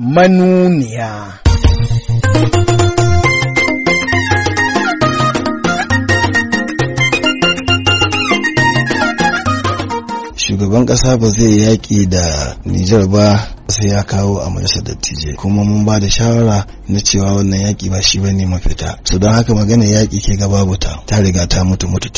manuniya. Shugaban ƙasa ba zai yaƙi da Nijar ba sai ya kawo a majalisar dattijai kuma mun ba da shawara na cewa wannan yaƙi ba shi bane mafita to don haka magana yaƙi ke ga babu ta ta riga ta mutu mutu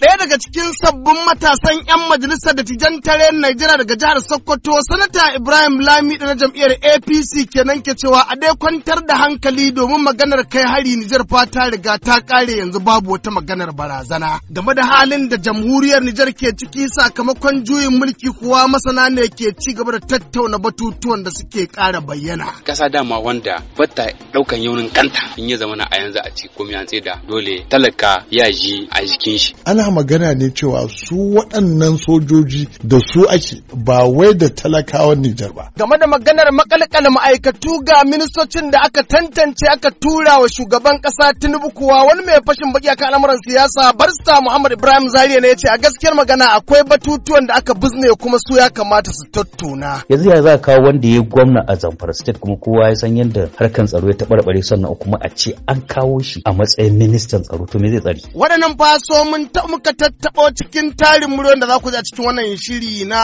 Ɗaya daga cikin sabbin matasan 'yan majalisar dattijan tarayyar Najeriya daga jihar Sokoto, Sanata Ibrahim Lami na jam'iyyar APC kenan ke cewa a dai kwantar da hankali domin maganar kai hari Nijar fa ta riga ta ƙare yanzu babu wata maganar barazana. Game da halin da jamhuriyar Nijar ke ciki sakamakon juyin mulki kuwa masana ne ke ci gaba da tattauna batu batutuwan da suke ƙara bayyana. Kasa dama wanda bata ɗaukan yaunin kanta in ya zamana a yanzu a ci komai da dole talaka ya ji a jikin shi. Ana magana ne cewa su waɗannan sojoji da su ake ba wai da talakawan Nijar ba. Game da maganar makalƙalin ma'aikatu ga ministocin da aka tantance aka tura wa shugaban ƙasa Tinubu kuwa wani mai fashin baki akan al'amuran siyasa barista Muhammad Ibrahim Zariya ne ya ce a gaskiyar magana akwai batutuwan da aka bizne kuma su ya kamata su tattuna. Yanzu ya za kawo wanda ya gwamna a Zamfara state kuma kowa ya san yadda harkar tsaro ya taɓarɓare sannan kuma a ce an kawo shi a matsayin ministan tsaro to me zai tsari. Waɗannan faso mun ta muka tattaɓo cikin tarin muryar da za ku a cikin wannan shiri na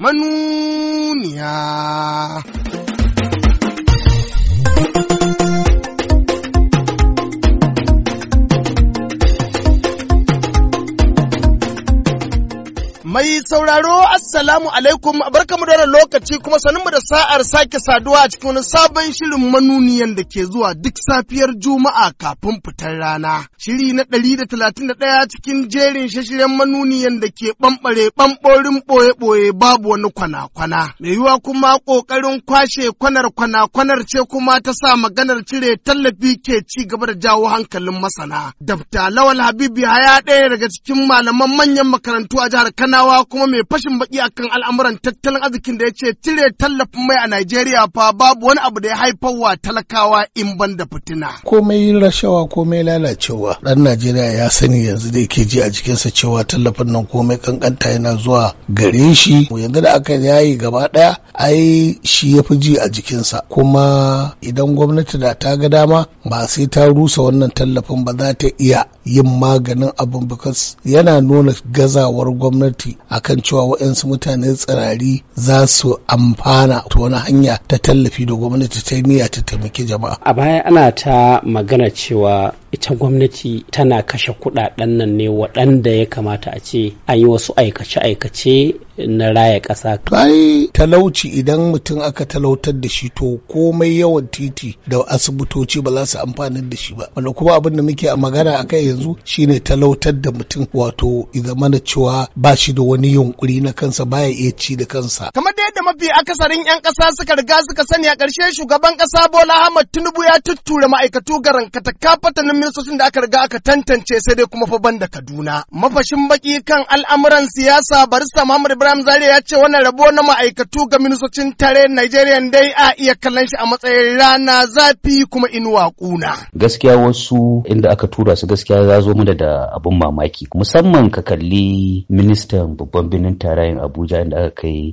manuniya. Mai sauraro Assalamu alaikum barkamu da lokaci kuma sanin mu da sa'ar sake saduwa a cikin wani sabon shirin manuniyan da ke zuwa duk safiyar Juma'a kafin fitar rana. Shiri na ɗari da talatin da ɗaya cikin jerin shashiren manuniyan da ke ɓamɓare ɓamɓorin ɓoye-ɓoye babu wani kwana-kwana. Mai yiwa kuma ƙoƙarin kwashe kwanar kwana-kwanar ce kuma ta sa maganar cire tallafi ke ci gaba da jawo hankalin masana. Dabta Lawal Habibu Haya ɗaya daga cikin malaman manyan makarantu a jihar Kanawa. Adamawa kuma mai fashin baki akan al'amuran tattalin arzikin da ya ce cire tallafin mai a Najeriya fa babu wani abu da ya haifar wa talakawa in ban da fitina. Komai rashawa komai lalacewa ɗan Najeriya ya sani yanzu da yake ji a jikinsa cewa tallafin nan komai kankanta yana zuwa gare shi yanzu da aka yayi gaba ɗaya ai shi ya fi ji a jikinsa kuma idan gwamnati da ta ga dama ba sai ta rusa wannan tallafin ba za ta iya yin maganin abin bukas yana nuna gazawar gwamnati a kan cewa waɗansu mutane tsirari za su amfana ta wani hanya ta tallafi da gwamnati ta niyya ta taimaki jama'a a baya ana ta magana cewa ita gwamnati tana kashe kuɗaɗen nan ne waɗanda ya kamata a ce an yi wasu aikace-aikace na raya ƙasa. Ai talauci idan mutum aka talautar da shi to komai yawan titi da asibitoci ba za su amfani da shi ba. Wanda kuma abin da muke a magana a kai yanzu shine talautar da mutum wato mana cewa ba shi da wani yunkuri na kansa baya iya ci da kansa. Kamar da yadda mafi akasarin 'yan ƙasa suka riga suka sani a ƙarshe shugaban ƙasa Bola Ahmad Tinubu ya tuttura ma'aikatu garan katakafatanin ministocin da aka riga aka tantance sai dai kuma fa da Kaduna. Mafashin baki kan al'amuran siyasa barista Muhammad Ibrahim Zare ya ce wannan rabuwar na ma'aikatu ga ministocin tare Nigerian dai a iya kallon shi a matsayin rana zafi kuma inuwa kuna. Gaskiya wasu inda aka tura su gaskiya ya zo mana da abun mamaki musamman ka kalli ministan babban birnin tarayin Abuja inda aka kai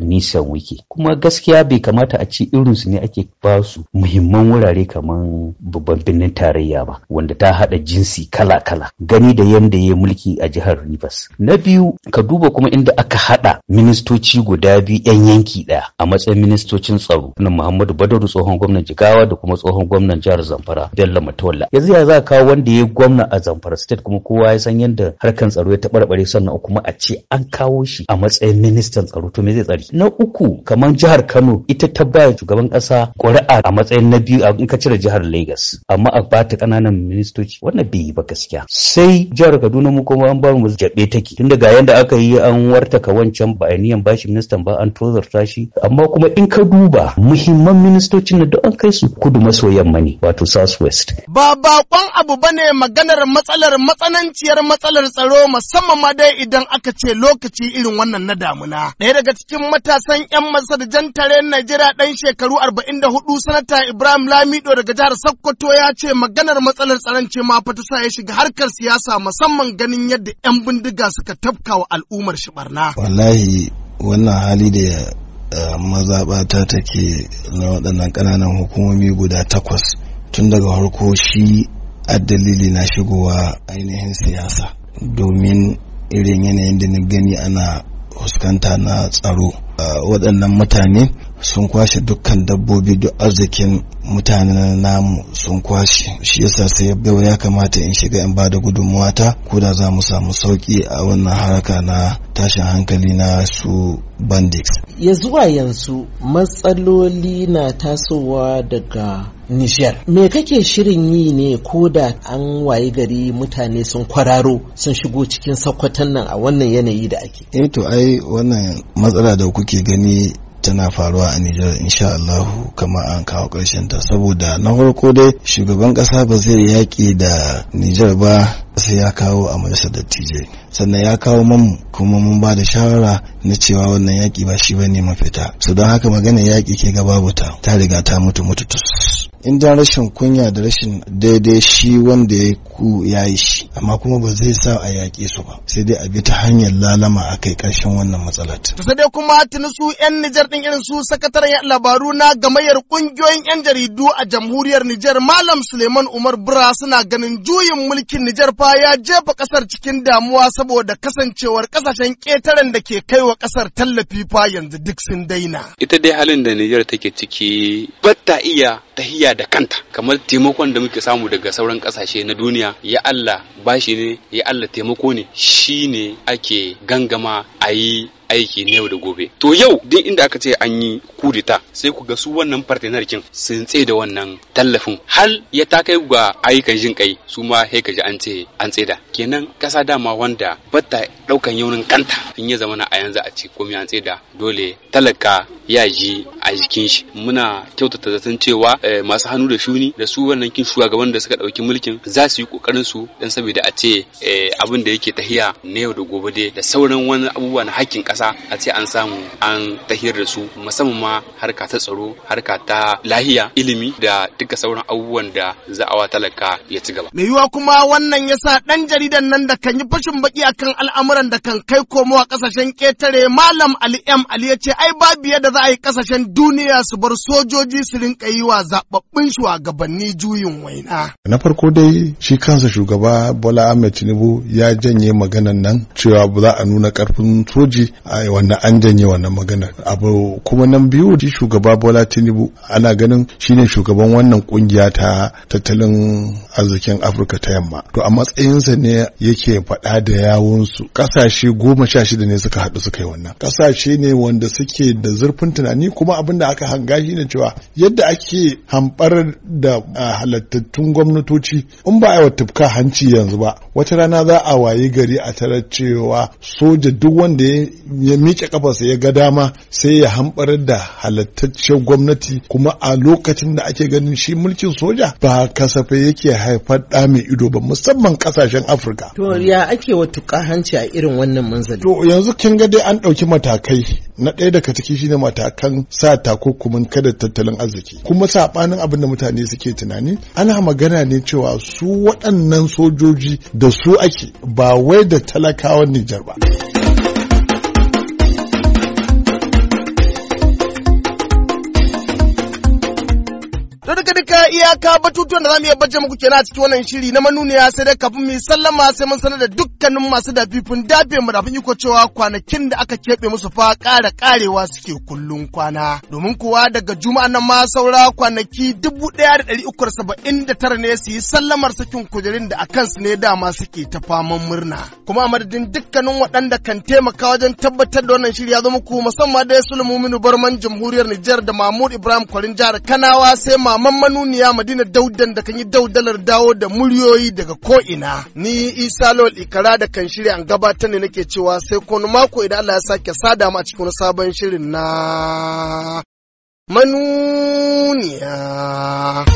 nisan wiki kuma gaskiya bai kamata a ci irinsu ne ake ba su muhimman wurare kamar babban birnin tarayya ba wanda ta haɗa jinsi kala-kala gani da yadda ya mulki a jihar Rivers. Na biyu ka duba kuma inda aka haɗa ministoci guda biyu 'yan yanki ɗaya a matsayin ministocin tsaro na Muhammadu Badaru tsohon gwamnan Jigawa da kuma tsohon gwamnan jihar Zamfara Bello Matola. Yanzu ya za kawo wanda ya gwamna a Zamfara state kuma kowa ya san yadda harkan tsaro ya taɓarɓare sannan kuma a ce an kawo shi a matsayin ministan tsaro to me zai tsari. Na uku kamar jihar Kano ita ta ba shugaban ƙasa ƙuri'a a matsayin na biyu in ka cire jihar Lagos amma a ta ƙananan wannan ministoci wannan bai yi ba gaskiya sai jihar kaduna mu kuma an ba mu jabe take tun daga yanda aka yi an wartaka wancan ba ainihin bashi ministan ba an tozarta shi amma kuma in ka duba muhimman ministocin da an kai su kudu maso yamma ne wato south west ba bakon abu bane maganar matsalar matsananciyar matsalar tsaro musamman ma dai idan aka ce lokaci irin wannan na damuna ɗaya daga cikin matasan yan masarjan tare Najeriya dan shekaru 44 sanata Ibrahim Lamido daga jihar Sokoto ya ce maganar matsalar matsalar tsaron ce ma fa sa ya shiga harkar siyasa musamman ganin yadda 'yan bindiga suka tafka wa al'ummar shi barna. Wallahi wannan hali da eh, mazaɓata take na waɗannan ƙananan hukumomi guda takwas tun daga harko shi a dalili na shigowa ainihin siyasa domin irin yanayin da na gani ana fuskanta na tsaro. waɗannan mutane sun kwashe dukkan dabbobi duk arzikin mutanen namu sun kwashe shi yasa sai yau ya kamata in shiga in bada gudunmuwata ko da za mu samu sauki a wannan haraka na tashin hankali na su bandits ya zuwa yanzu matsaloli na tasowa daga Nijar. Me kake shirin yi ne ko da an waye gari mutane sun kwararo sun shigo cikin sakwatan nan a wannan yanayi da ake? Eh to ai wannan matsala da kuke gani tana faruwa a Nijar insha Allah kamar an kawo ƙarshen ta saboda na farko dai shugaban ƙasa ba zai yaƙi da Nijar ba sai ya kawo a majalisar dattijai sannan ya kawo mamu kuma mun ba da shawara na cewa wannan yaki ba shi bane mafita su don haka magana yaki ke ga ta ta riga ta mutu mutu in rashin kunya da rashin daidai shi wanda ya ku ya yi shi amma kuma ba zai sa a yaƙe su ba sai dai a bi ta hanyar lalama a kai ƙarshen wannan matsalar. ta sai dai kuma tuni su 'yan nijar din irin su sakataren labaru na gamayyar ƙungiyoyin 'yan jaridu a jamhuriyar nijar malam suleiman umar bura suna ganin juyin mulkin nijar fa ya jefa ƙasar cikin damuwa saboda kasancewar ƙasashen ƙetaren da ke kaiwa ƙasar tallafi fa yanzu duk sun daina. ita dai halin da nijar take ciki batta iya tahiya da kanta kamar taimakon da muke samu daga sauran kasashe na duniya ya Allah bashi ne ya Allah taimako ne shine ake gangama a yi aiki na yau da gobe to yau duk inda aka ce an yi kudita sai ku ga su wannan partner kin sun tsaye da wannan tallafin hal ya ta kai ga ayyukan jin kai su ma sai ji an ce an kenan kasa dama wanda batta daukan yaunin kanta in ya zamana a yanzu a ce komai an da dole talaka ya ji a jikin shi muna kyautata zaton cewa eh, masu hannu da shuni da su wannan kin shugaban da suka ɗauki mulkin za su yi kokarin su dan saboda a ce eh, abin da yake tahiya na yau da gobe dai da sauran wani abubuwa na hakkin ƙasa kasa a ce an samu an tahiyar da su musamman ma harka ta tsaro harka ta lahiya ilimi da duka sauran abubuwan da za a talaka ya ci gaba. Mai yiwa kuma wannan ya sa ɗan jaridan nan da kan yi fashin baki kan al'amuran da kan kai komo a ƙasashen ƙetare Malam Ali M Ali ya ce ai babu da za a yi ƙasashen duniya su bar sojoji su rinka yi wa zaɓaɓɓun shugabanni juyin waina. Na farko dai shi kansa shugaba Bola Ahmed Tinubu ya janye maganan nan cewa ba za a nuna ƙarfin soji wannan an janye wannan maganar abu kuma nan biyu shi shugaba bola tinubu ana ganin shine shugaban wannan kungiya ta tattalin arzikin afirka ta yamma to a matsayinsa ne yake faɗa da yawun su ƙasashe goma sha shida ne suka haɗu suka yi wannan kasashe ne wanda suke da zurfin tunani kuma abin da aka hanga shi ne cewa yadda ake hamɓar da halattattun gwamnatoci in ba a yi tufka hanci yanzu ba wata rana za a wayi gari a tarar cewa soja duk wanda ya ya miƙe kafarsa ya ga dama sai ya hambar da halattaccen gwamnati kuma a lokacin da ake ganin shi mulkin soja ba kasafai yake haifar da mai ido ba musamman kasashen afirka to ya ake wata hanci a irin wannan manzali to yanzu kin ga dai an ɗauki matakai na ɗaya daga ciki shine matakan sa takunkumin kada tattalin arziki kuma saɓanin abin da mutane suke tunani ana magana ne cewa su waɗannan sojoji da su ake ba wai da talakawan Nijar ba. iyaka batutuwan da zamu iya baje muku kenan a cikin wannan shiri na manuniya sai dai kafin mu sallama sai mun sanar da dukkanin masu dafifin dafe mu fin iko cewa kwanakin da aka kebe musu fa ƙara ƙarewa suke kullun kwana. Domin kuwa daga juma'a nan ma saura kwanaki dubu ɗaya da ɗari uku saba'in da tara ne su yi sallamar sakin kujerin da a kansu ne dama suke ta faman murna. Kuma a madadin dukkanin waɗanda kan taimaka wajen tabbatar da wannan shiri ya zo muku musamman da ya Sulmuminu Barman Jamhuriyar Nijar da Mahmud Ibrahim Kwarin Jihar Kanawa sai maman manuniya madina daudan da kan yi daudalar dawo da muryoyi daga ko'ina ni isa lol ikara da kan shirya an gabatar ne nake cewa sai kone mako idan allah ya sake sada mu a cikin sabon shirin na manuniya